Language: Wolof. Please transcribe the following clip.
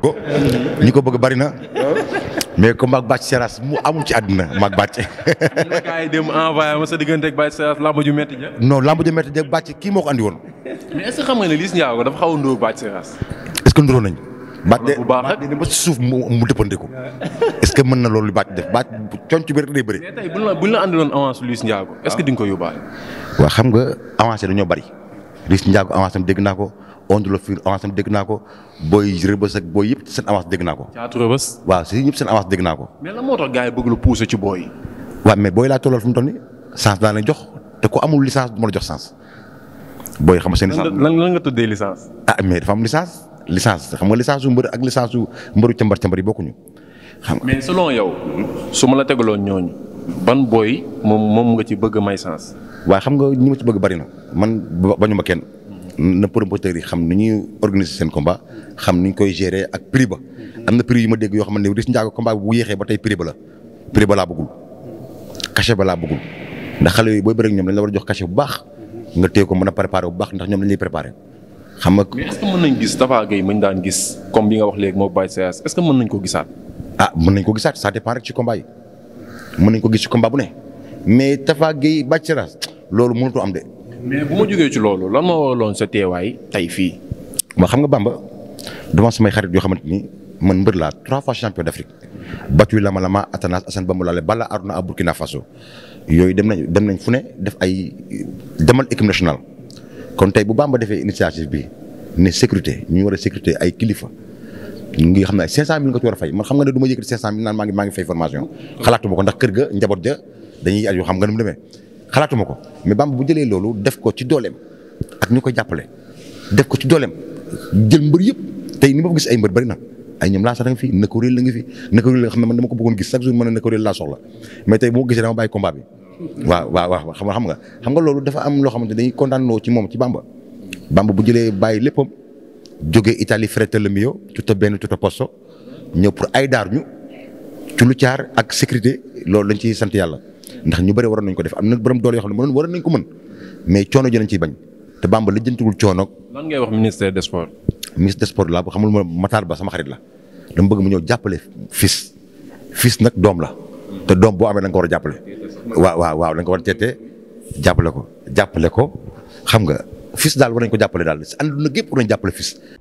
ko ñi ko bëgg bari na mais comme ak Bathie Seras mu amul ci àddina maag Bathie. la kaay dem envoyé ma sa diggante ak Bathie Seras làmb ju métti ja. non làmb kii moo ko andi woon. mais est xam nga ne Liss Ndiago dafa xaw a ndóor Bathie Seras. est ce que ndóor bu baax rek ba si suuf mu mu dëppandiku est ce que mën na loolu li Bathie def Bathie coñc bi rek day bëri. mais tey buñ la buñ la avance Liss Ndiago est ce que ko nga ko waa xam nga avancé dañoo bari. Liss Ndiago avance am dégg naa ko Onde le ko booy Rëbës ak booy yëpp seen avance dégg naa ko. caatu Rëbës. waaw si ñëpp seen avance dégg naa ko. mais lan moo tax gars yi bëgg lu poussé ci booy yi. waaw mais booy laa tollal fu mu toll nii la jox te ku amul licence du la jox chance. booy xam seen licence lan lan nga tëddee licence. ah mais dafa am licence licence xam nga licence su mbër ak licence su mbëru càmbar càmbar yi bokkuñu xam nga. mais selon su ma la tegaloon ñooñu ban booy moom moom nga ci bëgg may chance waaye xam nga ñu ma ci bëgg bari na man bañu ma kenn na promoteurs yi xam ni ñuy organiser seen combat xam ni ñu koy gérer ak prix ba am na prix yu ma dégg yoo xam ne Liss Ndiago combat bu yéexee ba tey prix ba la prix ba ndax xale yooyu booy bëri ak ñoom dañ la war jox cachet bu baax nga téye ko mën a préparer bu baax ndax ñoom dañ lay préparer xam nga. mais est-ce que mën nañ gis Tapha Gueye mañ daan gis comme bi nga wax léegi moo Baye Seyas est-ce ko gisaat. ah mën nañ ko gisaat ça dépend rek combat yi mën nañ ko gis ci combat bu ne mais Tapha Gueye Baye Seyas loolu mënatu am de. mais bu ma jógee ci loolu lan moo waraloon sa teewaay tey fii. ma xam nga Bamba dama samay xarit yoo xamante ni man mbër laa trois fois champion d'Afrique battu lama lama Atanas Assane Bamba laale Balla Aruna à Burkina Faso yooyu dem nañ dem nañ fu ne def ay demal équipe nationale. kon tey bu Bamba defee initiative bi ne sécurité ñu war a sécurité ay kilifa ñu ngi xam ne ay 500000 nga ci war a fay man xam nga ne du ma yëkkati 500000 naan maa ndax kër ga njaboot ja dañuy aju xam nga nu mu demee. xalaatuma ko mais Bamba bu jëlee loolu def ko ci dooleem ak ñu ko jàppale def ko ci dooleem jël mbër yëpp tey ni ma ko gis ay mbër bëri na ay ñoom laa sax da nga fi nako réel la nga fi nako réel la nga ko bëggoon gis chaque jour mën na nako réel laa soxla mais tey boo gisee dama bàyyi combat bi waaw waaw xam nga xam nga xam nga loolu dafa am loo xamante dañuy kontaan loo ci moom ci Bamba Bamba bu jëlee bàyyi léppam jógee Italie Frette le mio tuta benn tuta posto ñëw pour ay daar ñu ci lu caar ak sécurité loolu lañ ci sant yàlla ndax ñu bëri waroon nañ ko def am na borom doole yoo xam ne mënoon waroon nañ ko mën mais coono ji lañ ciy bañ te Bamba la jëntuwul coono. ngay wax ministère des sports. ministre des sports laa ba xamul ma Matar Ba sama xarit la dama bëgg mu ñëw jàppale fils fils nag doom la te doom boo amee da nga war a jàppale. waaw waaw waaw da nga war a jàppale ko jàppale ko xam nga fils daal war nañ ko jàppale daal ànduna gépp war nañ jàppale fils